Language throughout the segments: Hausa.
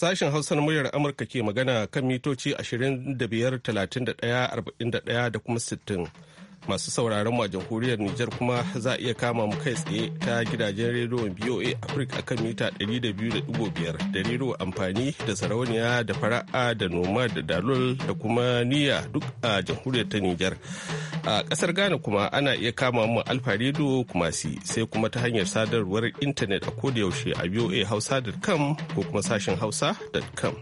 Sashen Hausa na muryar Amurka ke magana kan mitoci 25, 31, 41 da kuma 60. masu sauraron mu a jamhuriyar Nijar kuma za a iya kama mu kai tsaye ta gidajen rediyon BOA Africa akan mita 200.5 da rediyo amfani da sarauniya da fara'a da noma da dalol da kuma niyya duk a jamhuriyar ta Nijar. A kasar Ghana kuma ana iya kama mu Alfa Rediyo kuma si sai kuma ta hanyar sadarwar intanet a kodayaushe a BOA Hausa.com ko kuma sashen Hausa.com.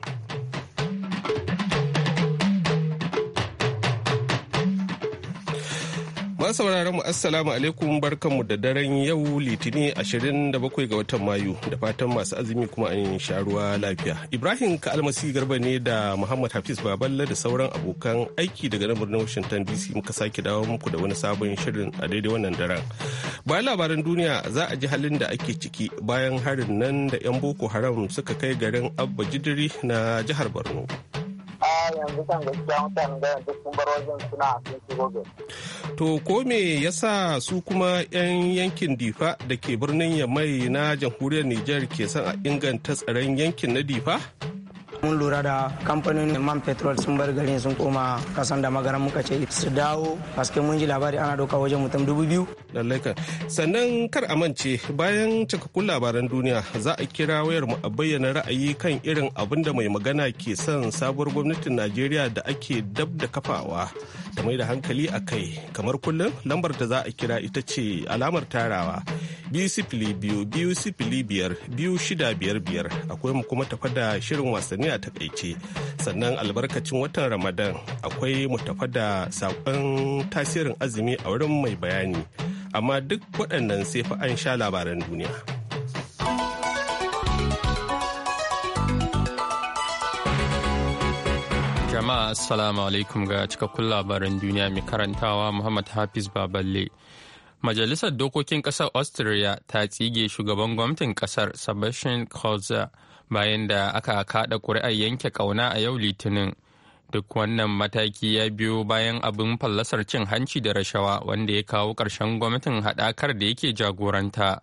Ma sauraron mu assalamu alaikum barkanmu da daren yau litinin 27 ga watan Mayu da fatan masu azumi kuma an sha ruwa lafiya. Ibrahim ka almasi Garba ne da Muhammad Hafiz Baballe da sauran abokan aiki daga nan birnin Washington DC muka sake dawo muku da wani sabon shirin a daidai wannan daren. Bayan labaran duniya za a ji halin da ake ciki bayan harin nan da 'yan Boko Haram suka kai garin Abba Jidiri na jihar Borno. yanzu kan gaskiya mutane da yanzu sun bar wajen suna sun shigo To ko me yasa su kuma 'yan yankin Difa da ke birnin Yamai na jamhuriyar Nijar ke son a inganta tsaron yankin na Difa? mun lura da kamfanin man petrol sun bar gari sun koma kasan da magaran muka ce su dawo haske mun ji labari ana doka wajen mutum dubu biyu lallaka sannan kar a mance bayan cikakkun labaran duniya za a kira wayar mu a bayyana ra'ayi kan irin abin da mai magana ke son sabuwar gwamnatin najeriya da ake dab da kafawa ta mai da hankali a kai kamar kullum lambar da za a kira ita ce alamar tarawa biyu sifili biyu biyu sifili biyar biyu shida biyar biyar akwai mu kuma tafa da shirin wasanni duniya ta kaice sannan albarkacin watan ramadan akwai mu tafa da saƙon tasirin azumi a wurin mai bayani amma duk waɗannan sai fa an sha labaran duniya. jama'a assalamu alaikum ga cikakkun labaran duniya mai karantawa muhammad hafiz baballe majalisar dokokin ƙasar austria ta tsige shugaban gwamnatin ƙasar sebastian Coza bayan da aka kaɗa ƙuri'ar yanke ƙauna a yau litinin duk wannan mataki ya biyo bayan abin fallasar cin hanci da rashawa wanda ya kawo ƙarshen gwamnatin haɗakar da yake jagoranta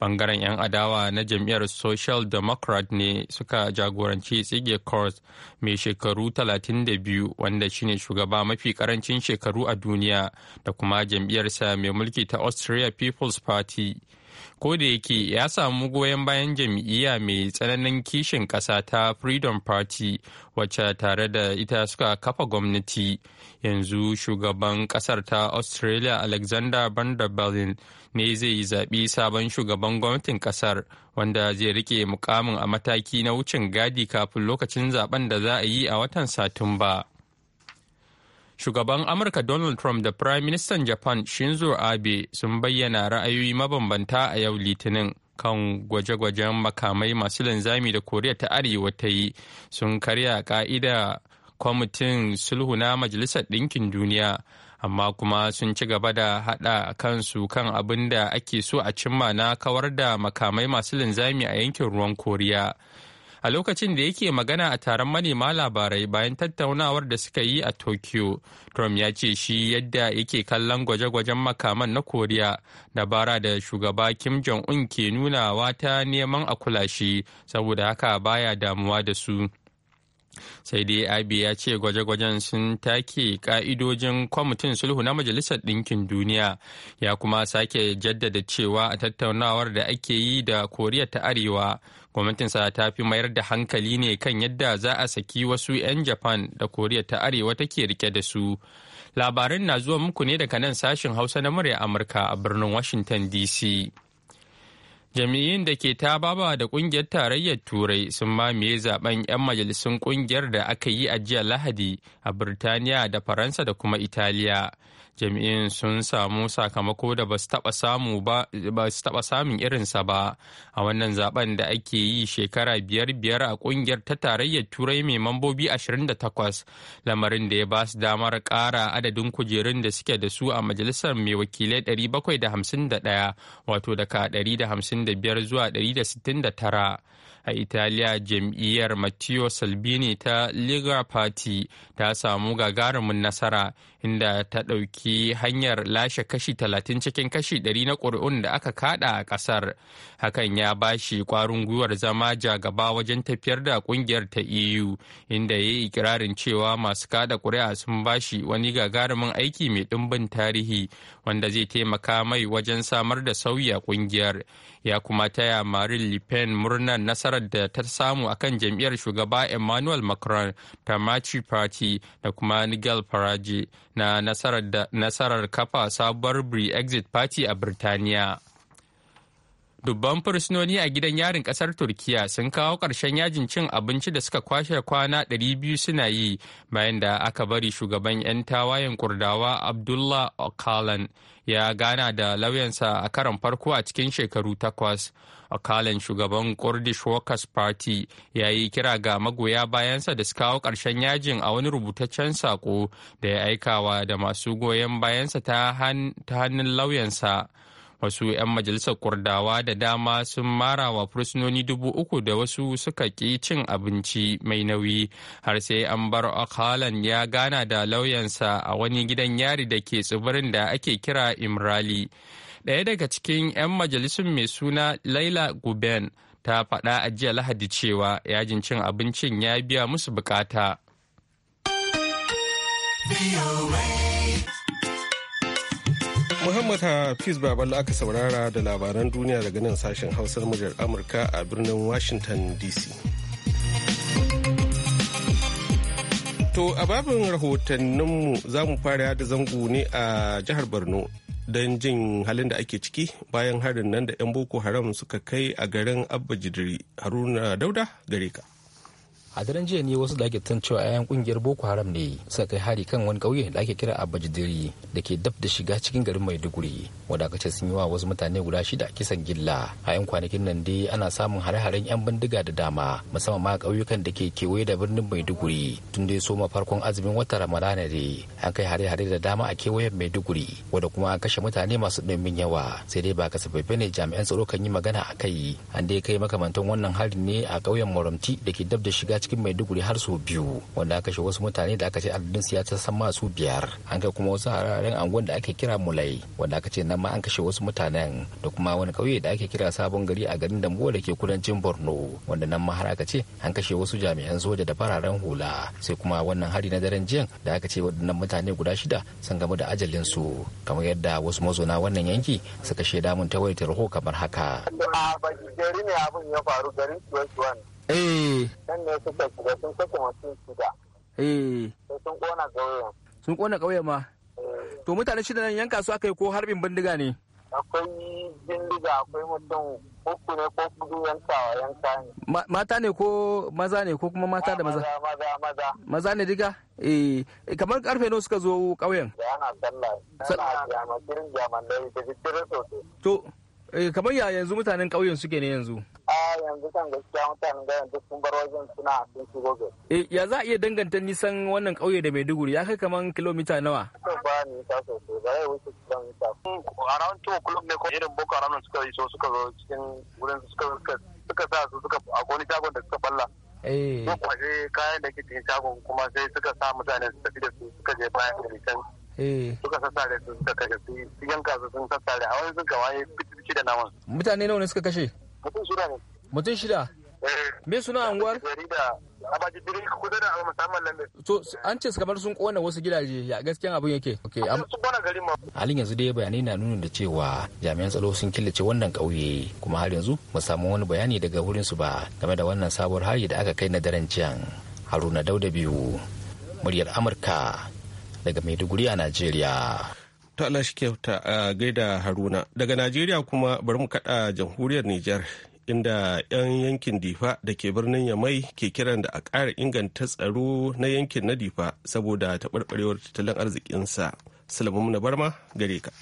bangaren 'yan adawa na jam'iyyar social democrat ne suka jagoranci tsige kors mai shekaru 32 wanda shine shugaba mafi karancin shekaru a duniya da kuma jam'iyyarsa mai mulki ta austria people's party ko da yake ya samu goyon bayan jam'iyya mai tsananin kishin ƙasa ta freedom party wacce tare da ita suka kafa gwamnati yanzu shugaban ƙasar ta australia alexander van der ne zai zaɓi sabon shugaban gwamnatin ƙasar wanda zai rike mukamin a mataki na wucin gadi kafin lokacin zaben da za a yi a watan satumba. Shugaban Amurka Donald Trump da Prime Minister Japan Shinzo Abe sun bayyana ra'ayoyi mabambanta a yau Litinin kan gwaje-gwajen makamai masu linzami da Koriya ta Arewa ta yi sun karya ka'ida kwamitin sulhu na Majalisar Ɗinkin Duniya. amma kuma sun ci gaba da haɗa kansu kan abin da ake so a cimma na kawar da makamai masu linzami a yankin ruwan koriya a lokacin da yake magana a taron manema labarai bayan tattaunawar da suka yi a tokyo trump ya ce shi yadda yake kallon gwaje-gwajen makaman na koriya dabara da shugaba kim jong-un ke nunawa ta neman a kula shi saboda haka baya damuwa da su sai dai abi ya ce gwaje-gwajen sun take ka'idojin kwamitin sulhu na majalisar ɗinkin duniya ya kuma sake jaddada cewa a tattaunawar da ake yi da koriya ta arewa gwamnatinsa ta fi mayar da hankali ne kan yadda za a saki wasu 'yan japan da koriya ta arewa take rike da su labarin na zuwa muku ne daga nan sashin hausa na murya amurka a birnin washington dc jami'in da ke ta baba da kungiyar tarayyar turai sun mamaye zaben 'yan majalisun kungiyar da aka yi a jiya lahadi a birtaniya da faransa da kuma italiya jami'in sun samu sakamako da ba su taɓa samun irinsa ba a wannan zaben da ake yi shekara biyar biyar a kungiyar ta tarayyar turai mai mambobi 28 lamarin da ya ba su damar ƙara adadin kujerun da suke da su a majalisar mai wakilai 751 wato daga 155 zuwa 169 a italiya jam'iyyar matteo salvini ta liga party ta samu gagarumin nasara inda ta ɗauki hanyar lashe kashi 30 cikin kashi 100 na ƙuri'un da aka kada a ƙasar hakan ya ba shi ƙwarin gwiwar zama jagaba wajen tafiyar da ƙungiyar ta eu inda ya yi ikirarin cewa masu kada ƙuri'a sun ba shi wani gagarumin aiki mai ɗimbin tarihi wanda zai taimaka mai wajen samar da sauyi a ƙungiyar ya kuma taya marin le pen murnar nasara. nasarar da ta samu akan jam'iyyar shugaba Emmanuel Macron ta Machi Party da kuma Nigel Farage na nasarar kafa sabuwar Brexit Party a Birtaniya. Dubban fursunoni a gidan yarin kasar Turkiya sun kawo ƙarshen yajin cin abinci da suka kwashe kwana 200 suna yi bayan da aka bari shugaban 'yan tawayen kurdawa Abdullah ocalan ya gana da lauyansa a karon farko a cikin shekaru takwas. ocalan shugaban Kurdish Workers Party ya yi kira ga magoya bayansa da su kawo ƙarshen yajin a wani rubutaccen saƙo da ya aikawa da masu goyon bayansa ta hannun lauyansa. wasu 'yan majalisar kurdawa da dama sun mara wa fursunoni dubu uku da wasu suka ƙi cin abinci mai nauyi har sai an bar akhalan ya gana da lauyansa a wani gidan yari da ke tsibirin da ake kira imrali ɗaya daga cikin 'yan majalisun mai suna laila guben ta faɗa a jiya lahadi cewa yajin cin abincin ya biya musu bukata. Muhammad Hafiz Baballa aka saurara da labaran duniya daga nan sashen hausar muryar Amurka a birnin Washington DC. To a babin rahotanninmu za mu fara da zango ne a jihar Borno don jin halin da ake ciki bayan harin nan da 'yan Boko Haram suka kai a garin Abba Jidiri Haruna Dauda gare ka. a daren jiya ne wasu da ake cewa 'ya'yan kungiyar boko haram ne suka kai hari kan wani ƙauye da ake kira abajidiri da ke dab da shiga cikin garin maiduguri wadakace sun yi wa wasu mutane guda shida kisan gilla a 'yan kwanakin nan dai ana samun hare-haren 'yan bindiga da dama musamman ma ƙauyukan da ke kewaye da birnin maiduguri tun dai soma farkon azumin watan ramadana ne an kai hare-hare da dama a kewayen maiduguri wadda kuma an kashe mutane masu ɗumbin yawa sai dai ba kasafai ne jami'an tsaro kan yi magana a kai an dai kai makamantan wannan harin ne a ƙauyen maramti da ke dab da shiga cikin maiduguri har sau biyu wanda aka kashe wasu mutane da aka ce adadin siyasa sama su biyar an kai kuma wasu hararen angon da ake kira mulai wanda aka ce nan ma an kashe wasu mutanen da kuma wani kauye da ake kira sabon gari a garin dambuwa da ke kudancin borno wanda nan ma har aka ce an kashe wasu jami'an soja da fararen hula sai kuma wannan hari na daren jiyan da aka ce waɗannan mutane guda shida sun gamu da ajalin su kamar yadda wasu mazauna wannan yanki suka shaida mun ta wayar ho kamar haka. a ya faru Eh. Can ne suka shiga sun kashe mutum shida. Eh. Sun kona ƙauyen. Sun kona ƙauyen ma. Eh. To mutane shida nan yanka su aka yi ko harbin bindiga ne? Akwai bindiga akwai mutum uku ne ko kudu yankawa yanka ne. Mata ne ko maza ne ko kuma mata da maza? Maza maza. Maza ne diga? Eh, eh kamar karfe nawa suka zo ƙauyen? Yana sallah. Yana jama'a jirin jama'a da ita jirin sosai. To Eh, kamar ya yanzu mutanen ƙauyen suke ne yanzu a yanzu kan gaskiya mutanen ƙauyen duk sun bar wajen suna sun shigo gari eh, ya za a iya danganta nisan wannan ƙauye da maiduguri ya kai kamar kilomita nawa ba ni nisa sosai ba ya wuce kilomita a ran to club ne ko irin boko haram suka yi so suka zo cikin wurin suka suka sa su suka a goni shagon da suka balla eh sun kwaje kayan da kike cikin shagon kuma sai suka sa mutane su tafi da su suka je bayan da eh. suka sassare su suka kashe su yanka su sun sassare a wani sun gawaye fit shida da wani. Mutane nawa ne suka kashe? Mutum shida ne. Mutum shida? Eh. Me suna anguwar? To an ce kamar sun kona wasu gidaje ya gaskiyan abin yake. Halin yanzu dai bayanai na nuna da cewa jami'an tsaro sun killace wannan ƙauye kuma har yanzu mu samu wani bayani daga wurin su ba game da wannan sabuwar hari da aka kai na daren jiyan. Haruna Dauda biyu muryar Amurka daga Maiduguri a Najeriya. ta Allah shi kyauta a gaida Haruna. Daga Najeriya kuma bari mu kaɗa jamhuriyar Nijar inda 'yan yankin Difa da ke birnin Yamai ke kiran da a ƙara inganta tsaro na yankin na Difa saboda taɓarɓarewar tattalin arzikinsa. Salamu na barma gare ka.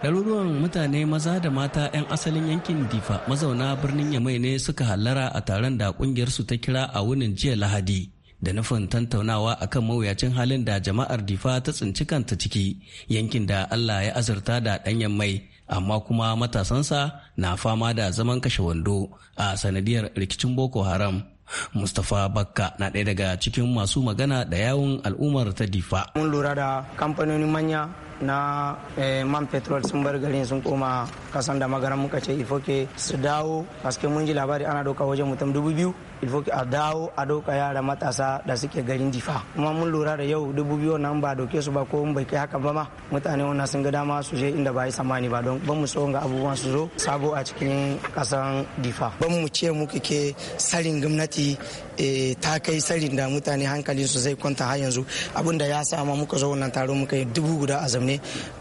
Ɗaruruwan mutane maza da mata 'yan asalin yankin Difa mazauna birnin Yamai ne suka hallara a taron da ƙungiyarsu ta kira a wunin jiya Lahadi. da nufin tantaunawa akan mawuyacin halin da jama'ar difa ta tsinci kanta ciki yankin da allah ya azurta da ɗanyen mai amma kuma matasansa na fama da zaman kashe wando a sanadiyar rikicin boko haram mustapha bakka na ɗaya daga cikin masu magana da yawun al'ummar ta difa mun lura da kamfanoni manya na eh, man petrol sun bar garin sun koma kasan da magaran muka ce ifoke su dawo paske mun ji labari ana doka wajen mutum dubu biyu ifoke a dawo a doka yara matasa da suke garin difa kuma mun lura da yau dubu biyu nan ba doke su ba ko bai kai haka ba ma mutane wannan sun ga dama su je inda ba yi samani ba don ban mu so ga abubuwan su zo sabo a cikin kasan difa ban mu ce muke ke sarin gwamnati eh, ta kai sarin da mutane hankalin su zai kwanta har yanzu abinda ya sa ma muka zo wannan taro muka yi dubu guda a zamani mutane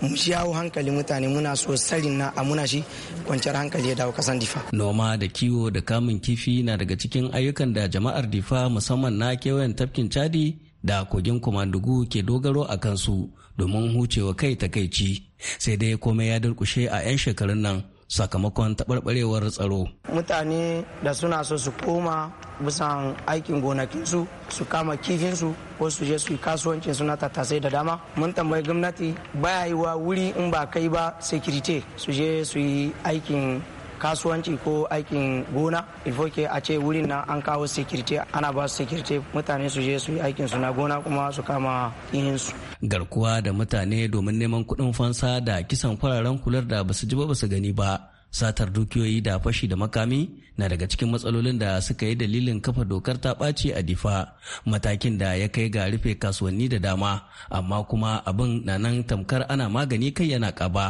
mu shawo hankali mutane muna so sarin na a shi kwanciyar hankali ya dawo kasan difa noma da kiwo da kamun kifi na daga cikin ayyukan da jama'ar difa musamman na kewayen tafkin chadi da kogin kumandugu ke dogaro a kansu domin hucewa kai takaici sai dai komai ya durkushe a 'yan shekarun nan sakamakon taɓarɓarewar tsaro. Mutane da suna so su koma bisan aikin gonakinsu su kama kifinsu ko su je su yi kasuwancin suna tattasai da dama. Mun tambayi gwamnati baya yi wa wuri in ba kai ba security su je su yi aikin kasuwanci ko aikin gona ilfoke a ce wurin nan an kawo security ana ba su security mutane su je su yi aikin su na gona kuma su kama su. garkuwa da mutane domin neman kuɗin fansa da kisan fararen kular da basu ji ba basu gani ba satar dukiyoyi da fashi da makami na daga cikin matsalolin da suka yi dalilin kafa dokar ta ɓaci a difa matakin da ya kai ga rufe kasuwanni da dama amma kuma abin na nan tamkar ana magani kai yana ƙaba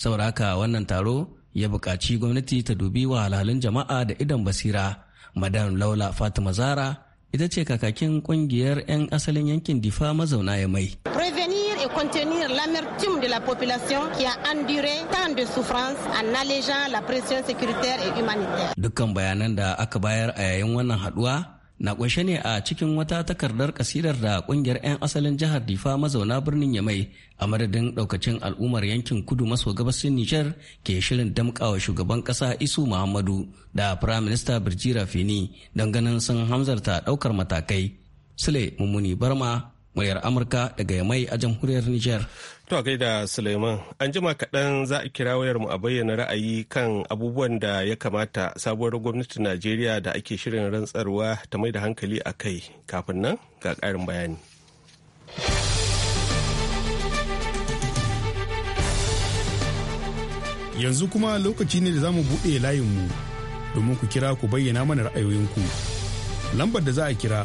saboda haka wannan taro ya buƙaci gwamnati ta dubi wahalhalun jama'a da idan basira madam laula fatima zara ita ce kakakin kungiyar 'yan asalin yankin difa mazauna ya mai. Prevenir et contenir l'amertume de la population qui a enduré tant de souffrance en allégeant la pression sécuritaire et humanitaire. Dukkan bayanan da aka bayar a yayin wannan haduwa na kunshe ne a cikin wata takardar kasidar da kungiyar 'yan asalin jihar difa mazauna birnin yamai a madadin daukacin al'ummar yankin kudu maso gabasin nijar ke shirin damkawa shugaban kasa isu muhammadu da prime minister birjira fini don ganin sun hamzarta daukar matakai sule mummuni barma muryar amurka daga yamai a jamhuriyar niger to gaida suleiman an jima kaɗan za a kira wayar mu a bayyana ra'ayi kan abubuwan da ya kamata sabuwar gwamnatin najeriya da ake shirin rantsarwa ta mai da hankali a kai kafin nan ga ƙarin bayani yanzu kuma lokaci ne da za mu buɗe layinmu domin ku kira ku bayyana mana ra'ayoyinku lambar da za a kira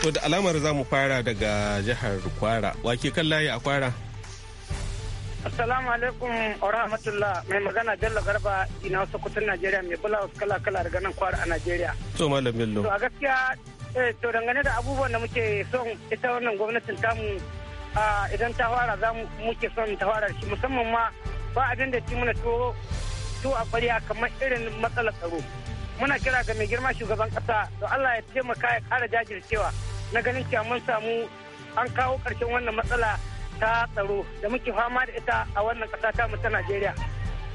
To da alamar za mu fara daga jihar Kwara. Wake kan layi a Kwara? Assalamu alaikum wa rahmatullah mai magana jalla Garba ina Sokoton Najeriya mai bula kala kala daga nan Kwara a Najeriya. To malam Bello. To a gaskiya eh, to dangane da abubuwan da muke son ita wannan gwamnatin tamu idan ta fara za muke son ta fara shi musamman ma ba abin da ci mana to to a kwariya kamar irin matsalar tsaro. muna kira ga mai girma shugaban kasa to Allah ya taimaka ya kara jajircewa na ganin cewa mun samu an kawo ƙarshen wannan matsala ta tsaro da muke fama da ita a wannan ƙasa ta mu ta Najeriya.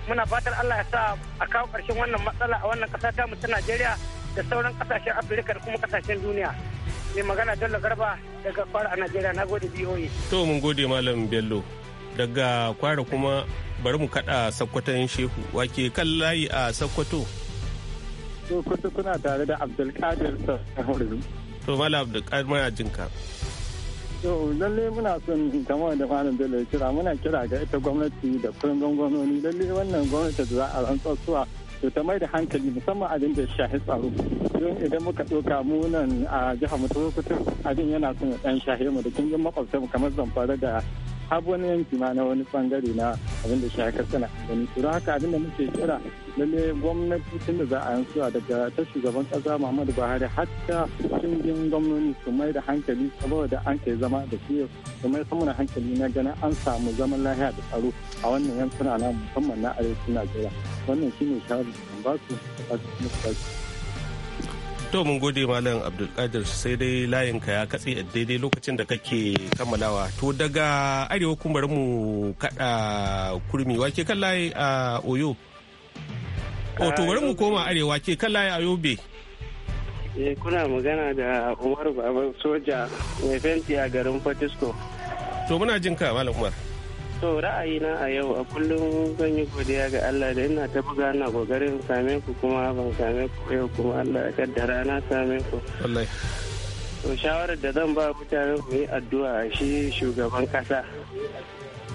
Muna fatar Allah ya sa a kawo ƙarshen wannan matsala a wannan ƙasa ta mu ta Najeriya da sauran ƙasashen Afirka da kuma ƙasashen duniya. Mai magana la Garba daga kwara a Najeriya na gode BOA. To mun gode Malam Bello. Daga kwara kuma bari mu kaɗa sakkwatan shehu wake kan layi a sakkwato. to kusa kuna tare da abdulkadir sahurin to mala abdulkadir muna jinka to lalle muna son kamar da malam bello kira muna kira ga ita gwamnati da kullum gwamnoni lalle wannan gwamnati da za a rantsar suwa to ta mai da hankali musamman abin da shahi tsaro don idan muka ɗauka mu nan a jihar mu ta abin yana son ya ɗan shahi mu da kungin makwabta mu kamar zamfara da yanki ma na wani bangare na abin da shaka sana gani don haka abin da muke kira lalle gwamnati tun da za a yansuwa daga ta shugaban kasa muhammadu buhari hatta cikin gwamnoni su mai da hankali saboda an kai zama da su su mai samun hankali na ganin an samu zaman lahiya da tsaro a wannan yankuna na musamman na arewacin najeriya wannan shine shawarar da ba su da su to mun gode malam abdulkadir sai dai layin ka ya katse a daidai lokacin da kake kammalawa to daga arewa kuma mu kada kurmi wake kan layi a oyo o oh, to bari mu koma arewa ke kan layi a yobe eh kuna magana da umar baban soja mai fenti a garin fatisco to muna jin ka malam umar To ra'ayina a yau a kullum zan yi godiya ga Allah da ina ta buga na kokarin same ku kuma ban same ku yau kuma Allah ya kaddara na same ku. Wallahi. shawarar da zan ba mutane ku yi addu'a shi shugaban kasa.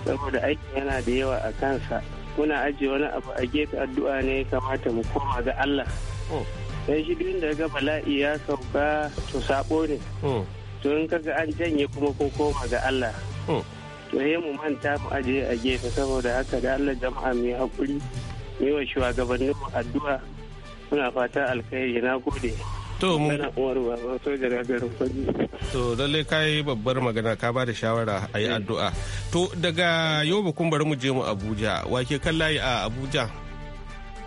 Saboda aiki yana da yawa a kansa. Muna ajiye wani abu a gefe addu'a ne kamata mu koma ga Allah. Hmm. Sai shi duk da ga bala'i ya sauka to saɓo ne. Hmm. To in kaga an janye kuma ko koma ga Allah. Hmm. to mu manta mu aje a gefe saboda haka da Allah jama'a mai hakuri mai wa shugabannin mu addu'a muna fata alkhairi na gode to mu to lalle kai babbar magana ka ba da shawara a yi mm. addu'a to daga yau kun bari mu je mu Abuja wa ke kan layi a Abuja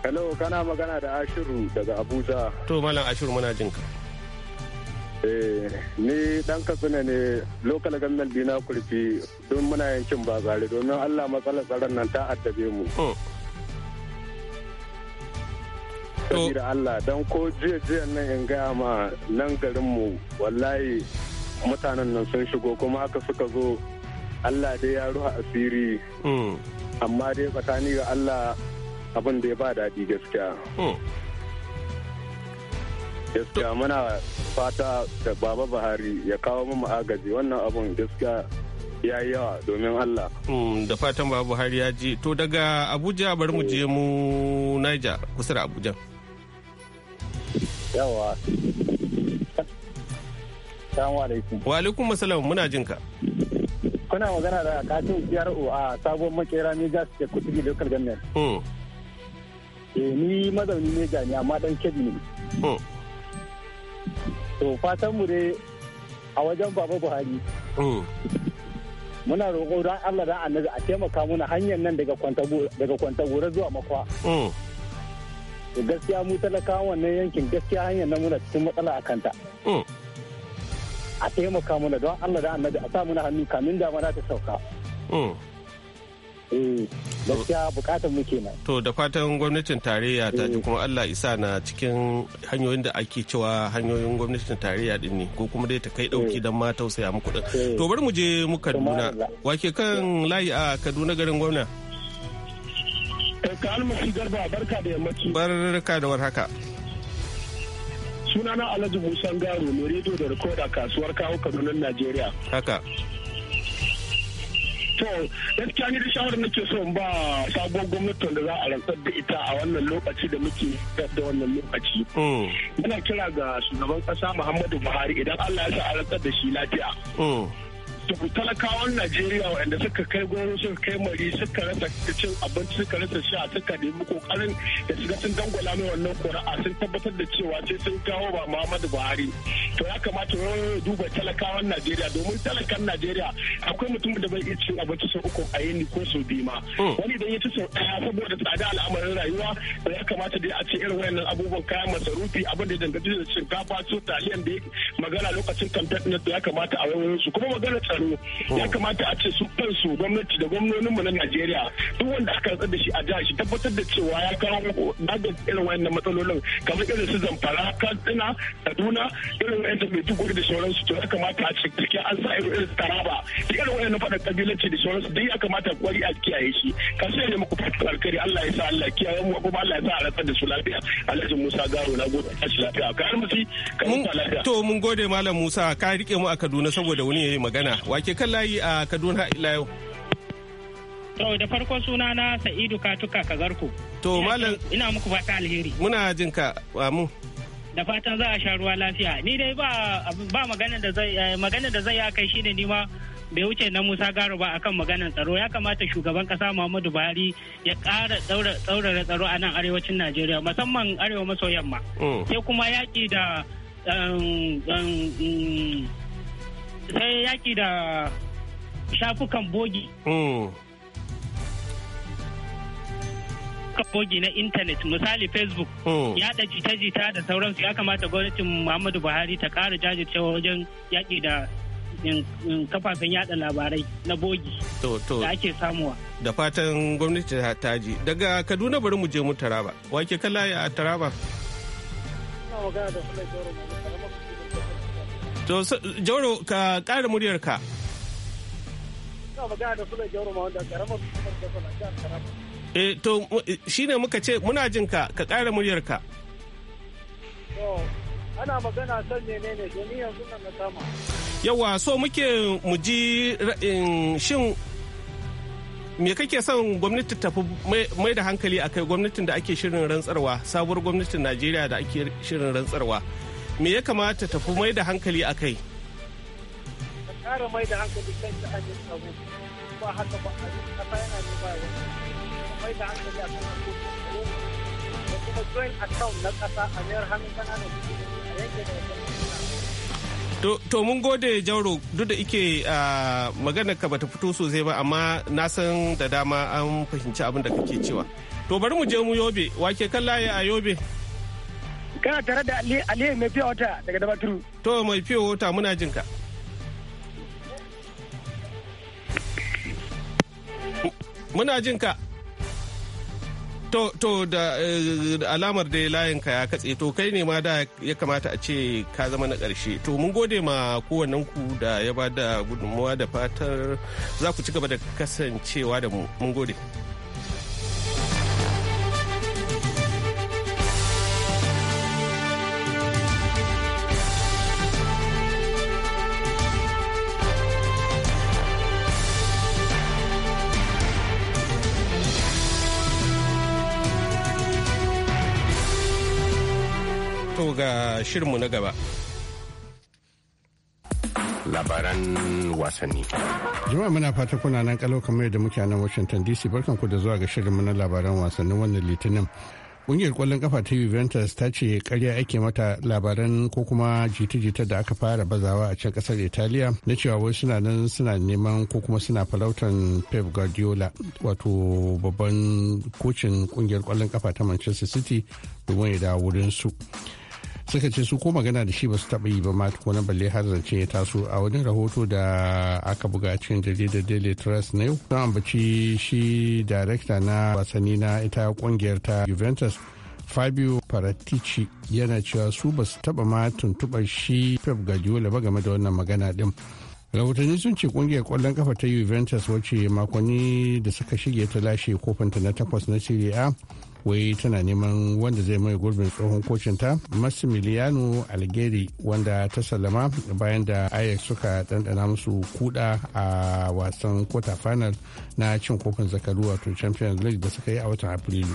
Hello kana magana da Ashiru daga Abuja to malam Ashiru muna jinka Eh, ni dan katsina ne lokal gannan dina kurfi don muna yankin bazare domin allah matsalar tsaron nan ta addabe mu oh. sabida allah don ko jiya nan in gaya ma nan garin mu wallahi mutanen nan sun shigo kuma aka suka zo allah dai ya ruha asiri hmm. amma dai tsakani ga allah abin da ya ba daɗi gaskiya hmm. gaskiya muna fata da baba buhari ya kawo mu agaji wannan abun gaskiya ya yi yawa domin allah hmm, da fatan baba buhari ya ji to daga abuja bari mu je mu naija kusa da abuja yawa Wa alaikum assalam muna jin ka. Kuna magana da katin CRO a sabon makera Mega State kutubi Local Government. Hmm. Eh ni mazauni Mega ne amma dan kebi ne. Hmm. to fatan mu dai a wajen baba buhari hmm. muna roƙo don allah da annabi a taimaka muna hanyar nan daga kwantagora zuwa makwa hmm. gaskiya mu talakawan wannan yankin gaskiya hanyar nan muna cikin matsala a kanta hmm. a taimaka muna don allah da annabi a sa muna hannu kamin damana ta sauka Eh, gaskiya bukatar mu kenan to da fatan gwamnatin tarayya ta ji eh. kuma Allah isa na cikin hanyoyin da ake cewa hanyoyin gwamnatin tarayya din ne ko kuma dai ta kai dauki eh. dan ma tausaya muku din to bari mu je mu Kaduna wake kan layi a Kaduna garin gwamna almasi Garba barka da yammaci barka da warhaka sunana Alhaji Musa Garo ne rediyo da rikoda kasuwar kawo Kaduna Najeriya haka so gaskiya ni da shawarar nake so in ba sabon gwamnatin da za a rantsar da ita a wannan lokaci da muke da wannan lokaci mm. muna kira ga shugaban kasa muhammadu buhari idan allah ya sa a rantsar da shi lafiya mm. talakawan najeriya waɗanda suka kai goro suka kai mari suka rasa cin abinci suka rasa sha suka nemi kokarin da shiga sun dangwala mai wannan kuri'a sun tabbatar da cewa sai sun kawo ba muhammadu buhari to ya kamata ya duba talakawan najeriya domin talakan najeriya akwai mutum da bai iya cin abinci sau uku a yini ko sau biyu ma hmm. wani idan ya ci sau ɗaya saboda tsada al'amarin rayuwa to ya kamata dai a ce irin wayannan abubuwan kayan masarufi abin da ya danganci da shinkafa su taliyan da magana lokacin kamfen ya kamata a wayoyin su kuma magana tsaro oh. ya kamata a ce su kansu gwamnati da gwamnoninmu na Najeriya duk wanda aka rantsar da shi a jihar shi tabbatar da cewa ya kawo magance irin wayannan matsalolin kamar irin su Zamfara, Katsina, Kaduna, irin wayanda mai tukuri da sauransu to ya kamata a ce kirki an sa irin irin Taraba duk irin wayannan faɗa kabilanci da sauransu duk ya kamata kwari a kiyaye shi ka sai ne muku fatan alkhairi Allah ya sa Allah kiyaye mu kuma Allah ya sa a rantsar da su lafiya Alhaji Musa Garo na gode a shi lafiya ka har musi ka mm, lafiya to mun gode malam Musa ka rike mu a Kaduna saboda wani yayi magana Wake kan layi a Kaduna ila yau. To da farko suna na Sa'idu Katuka Kagarku. To malam ina muku fata alheri. Muna jin ka mu. Da fatan za a sha ruwa lafiya. Ni dai ba ba magana da zai eh, magana da zai kai shine ni ma bai wuce na Musa Garo ba akan maganar tsaro ya kamata shugaban kasa Muhammadu Buhari ya ƙara tsaurara tsaro a nan arewacin Najeriya musamman arewa maso yamma. Mm. Sai kuma yaki da um, um, sai yaki da shafukan bogi hmm. shafukan bogi na intanet misali facebook hmm. yaɗa jita-jita da sauransu ya kamata gwamnatin muhammadu buhari ta ƙara jajircewa wajen yaƙi da kafafen yada labarai na bogi da ake samuwa da fatan gwamnati ta taji daga kaduna bari mu je mu taraba wake kala ya taraba To, Jauro, ka ƙara muryarka. eh to shine muka ce muna jin ka ka ƙara muryar ka ana magana son ne, domin yanzu nan na sama yawa so muke mu ji shin me kake son gwamnati tafi mai da hankali akai gwamnatin da ake shirin rantsarwa sabuwar gwamnatin Najeriya da ake shirin rantsarwa me ya kamata tafi mai da hankali a kai ƙara mai da hankali kan sha'anin abu ba haka ba a kasa yana ne ba ya mai da hankali a kan abu da kuma joint account na ƙasa a mayar hannun kananan a yanke da To mun gode Jauro duk da ike magana ka bata fito sosai ba amma na san da dama an fahimci abin da kake cewa. To bari mu je mu yobe, wake kan laye a yobe. kana tare da aliyu mai fiye wata daga turu. to mai fiye wata muna jin ka muna jin ka to to da eh, alamar da layin ka ya katse to kai ne ma da ya kamata a ce ka zama na ƙarshe to mun gode ma kowannen ku da ya ba da gudunmawa da fatar za ku ci gaba da kasancewa da mu mun gode. shirinmu na gaba. Labaran wasanni. Jama'a muna fata kuna nan kalau kamar da muke nan Washington DC barkanku da zuwa ga shirinmu na labaran wasannin wannan litinin. Ƙungiyar kwallon kafa ta Juventus ta ce karya ake mata labaran ko kuma jita-jita da aka fara bazawa a can kasar Italiya na cewa wai suna nan suna neman ko kuma suna falautan Pep Guardiola wato babban kocin ƙungiyar kwallon kafa ta Manchester City domin ya dawo wurin su. suka ce su ko magana da shi ba su taɓa yi ba ma tukuna balle har zance ya taso a wani rahoto da aka buga cikin jaridar daily trust na yau don ambaci shi darekta na wasanni na ita kungiyar ta juventus fabio paratici yana cewa su ba su taɓa ma tuntuɓar shi pep guardiola ba game da wannan magana din rahotanni sun ce kungiyar kwallon kafa ta juventus wacce makonni da suka shige ta lashe kofinta na takwas na serie wai tana neman wanda zai mai gurbin tsohon kocinta massimiliano algeri wanda ta sallama bayan da ajax suka ɗanɗana musu kuɗa a wasan quarter final na cin kofin zakaru wato champions league da suka yi a watan afrilu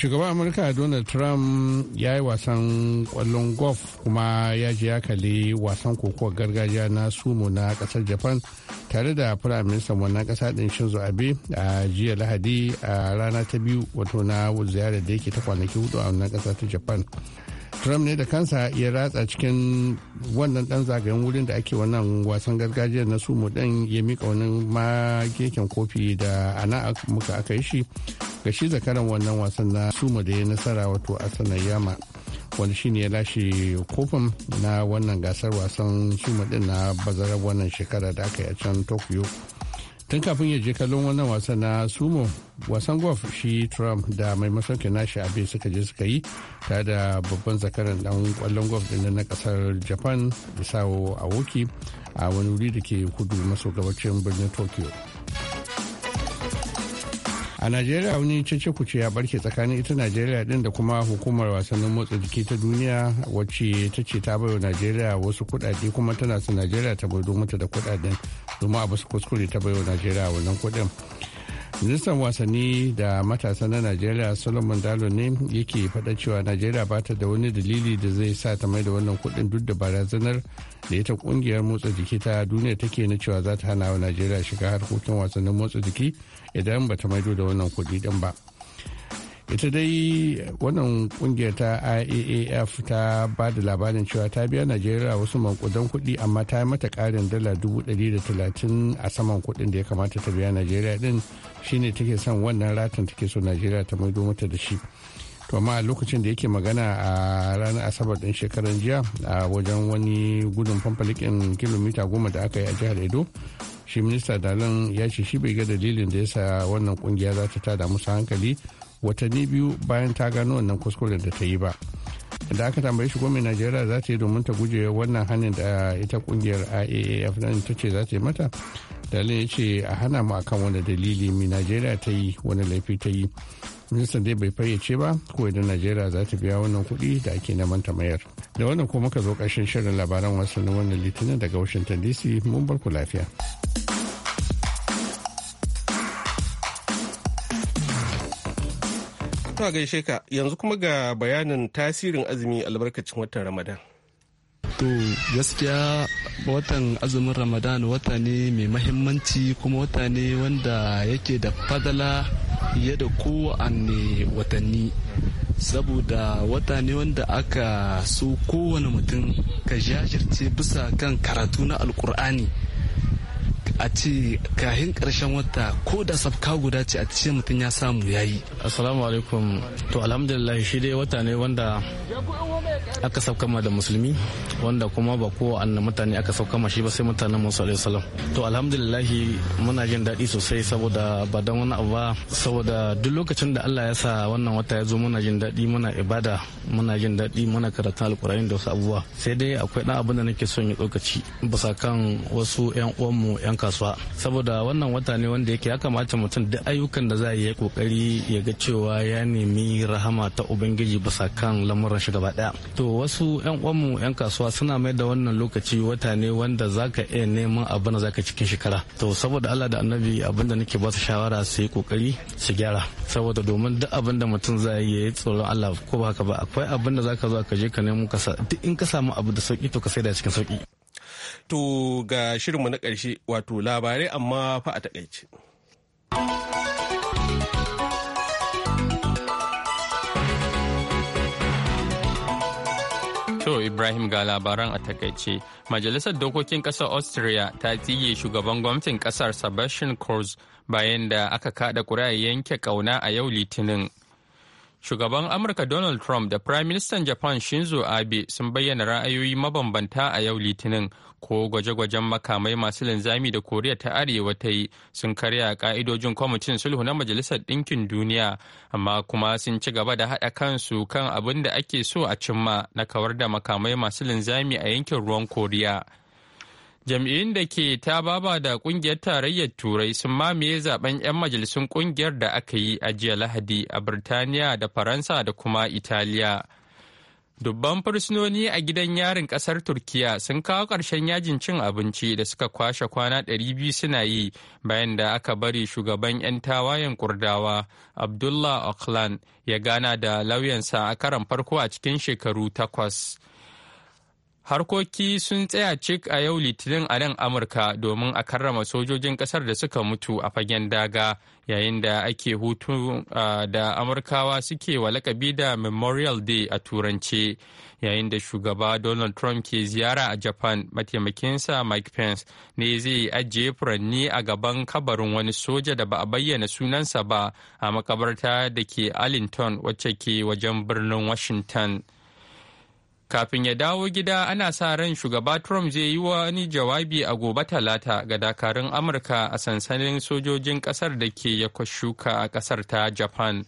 shugaban amurka donald trump ya yi wasan kwallon golf kuma ya je ya kalli wasan kokowar gargajiya na sumo na kasar japan tare da firaministan wannan kasa din shinzo abe a jiya lahadi a rana ta biyu wato na ziyarar da yake ta kwanaki hudu a wannan kasa ta japan trump ne da kansa ya ratsa cikin wannan dan zagayen wurin da ake wannan wasan gargajiyar na sumo din ya mika wani ma kofi da ana muka aka yi shi ga shi zakaran wannan wasan na suma da ya nasara wato asanar yama wanda shi ne ya lashe kofin na wannan gasar wasan suma din na bazarar wannan shekara da aka yi a can tokyo tun kafin ya je kallon wannan wasan na sumo wasan golf shi trump da mai masauki nashi abin suka je suka yi ta da babban zakaran dan kwallon golf din na kasar japan da sawo awoki a wani wuri da ke kudu maso gabacin birnin tokyo a najeriya wani cece kuce ya barke tsakanin ita najeriya din da kuma hukumar wasannin motsa jiki ta duniya wacce ta ce ta baiwa najeriya wasu kuɗaɗe kuma tana su najeriya ta gwado mata da kudaden domin a basu kuskure ta baiwa najeriya wannan kuɗin. ministan wasanni da matasa na najeriya solomon dalo ne yake faɗa cewa najeriya ba ta da wani dalili da zai sa ta mai da wannan kuɗin duk da barazanar da ita kungiyar motsa jiki ta duniya take na cewa za ta hana wa najeriya shiga harkokin wasannin motsa jiki idan ba ta maido da wannan kuɗi ɗin ba ita dai wannan kungiyar ta iaaf ta ba da labarin cewa ta biya najeriya wasu mankudan kuɗi amma ta yi mata karin dala talatin a saman kuɗin da ya kamata ta biya najeriya din shine take son wannan ratan take so najeriya ta maido mata da shi to amma lokacin da yake magana a ranar asabar ɗin shekaran jiya a wajen wani gudun famfalikin kilomita goma da aka yi a jihar edo shi minista dalan ya ce shi bai ga dalilin da yasa wannan kungiya za ta tada musu hankali watanni biyu bayan ta gano wannan kuskuren da ta yi ba da aka tambaye shi gwamnati najeriya za ta yi domin ta guje wannan hannun da ita kungiyar iaaf nan ta ce za ta yi mata dalilin ya ce a hana mu akan wani dalili mai najeriya ta yi wani laifi ta yi ministan dai bai fayyace ba ko idan najeriya za ta biya wannan kuɗi da ake neman ta mayar da wannan kuma muka zo ƙarshen shirin labaran wasu na wannan litinin daga washington dc mun bar ku lafiya. To gaishe ka yanzu kuma ga bayanin tasirin azumi albarkacin watan Ramadan. To gaskiya watan azumin Ramadan wata ne mai mahimmanci kuma wata ne wanda yake da fadala fiye da kowane watanni. Saboda wata ne wanda aka so kowane mutum ka jajirce bisa kan karatu na Alkur'ani. a ce kahin karshen wata ko da sabka guda ce a ce mutum ya samu ya yi assalamu alaikum to alhamdulillah shi dai wata ne wanda aka ma da musulmi wanda kuma ba ko annan mutane aka ma shi ba sai mutanen musu alaihi salam to alhamdulillah muna jin daɗi sosai saboda ba dan wani abu ba saboda duk lokacin da Allah ya sa wannan wata ya zo muna jin daɗi muna ibada muna jin daɗi muna karatun alkur'ani da wasu abubuwa sai dai akwai ɗan abin da nake son ya tsokaci bisa kan wasu 'yan uwanmu 'yan kasuwa kasuwa saboda wannan wata ne wanda yake ya kamata mutum duk ayyukan da za a yi kokari ya ga cewa ya nemi rahama ta ubangiji bisa kan lamuran shi gaba daya to wasu yan uwanmu yan kasuwa suna mai da wannan lokaci wata ne wanda zaka iya neman abin da zaka cikin shekara to saboda Allah da annabi abin da nake ba su shawara su yi kokari su gyara saboda domin duk abin da mutum za yi ya tsoron Allah ko ba haka ba akwai abin da zaka zo ka je ka nemo ka duk in ka samu abu da sauki to ka da cikin sauki To ga shirinmu na ƙarshe wato labarai amma fa a takaice. To Ibrahim ga labaran a takaice. Majalisar Dokokin Ƙasar Austria ta tsige shugaban gwamnatin ƙasar Sebastian Kurz bayan da aka kada ƙuri'ar yanke ƙauna a yau Litinin. Shugaban Amurka Donald Trump da Prime Minister Japan Shinzo Abe sun bayyana ra'ayoyi mabambanta a yau Litinin ko gwaje-gwajen makamai masu linzami da Koriya ta Arewa ta yi sun karya ka'idojin kwamitin sulhu na Majalisar Ɗinkin Duniya, amma kuma sun ci gaba da haɗa kansu kan abin da ake so a cimma na kawar da makamai masu linzami a yankin ruwan Koriya. jam'iyyun da ke ta baba da kungiyar tarayyar turai sun mamaye zaben 'yan majalisun kungiyar da aka yi a jiya lahadi a birtaniya da faransa da kuma italiya dubban fursunoni a gidan yarin kasar turkiya sun kawo ƙarshen yajin cin abinci da suka kwashe kwana 200 suna yi bayan da aka bari shugaban 'yan tawayen kurdawa abdullah auckland ya gana da lauyansa a karan farko a cikin shekaru takwas. harkoki sun tsaya cik a yau litinin a nan amurka domin a karrama sojojin kasar da suka mutu a fagen daga yayin da ake hutu da amurkawa suke wa lakabi da memorial day a turance yayin da shugaba donald trump ke ziyara a japan mataimakinsa mike pence ne zai ajiye furanni a gaban kabarin wani soja da ba a bayyana sunansa ba a makabarta da ke arlington wacce ke wajen birnin washington. Kafin ya dawo gida ana sa ran shugaba Trump zai yi wani jawabi a gobe talata ga dakarun Amurka a sansanin sojojin kasar da ke shuka a kasar ta Japan.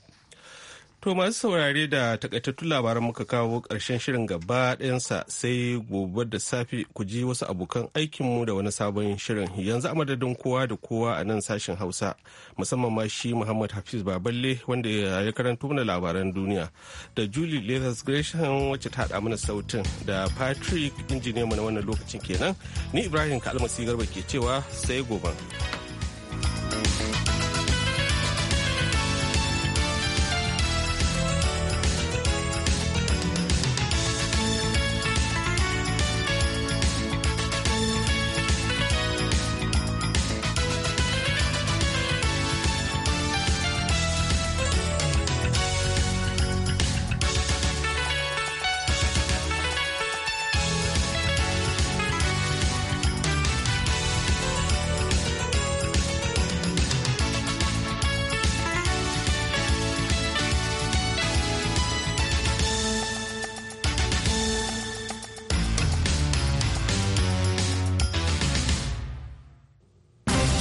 To masu saurare da takaitattun labaran muka kawo karshen shirin gaba ɗayansa sai gobe da safe ku ji wasu abokan aikinmu da wani sabon shirin yanzu a madadin kowa da kowa a nan sashen Hausa musamman ma shi Muhammad Hafiz Baballe wanda ya karanto mana labaran duniya da Julie Leathers Gresham wacce ta haɗa mana sautin da Patrick injiniya na wannan lokacin kenan ni Ibrahim Kalmasi Garba ke cewa sai gobe.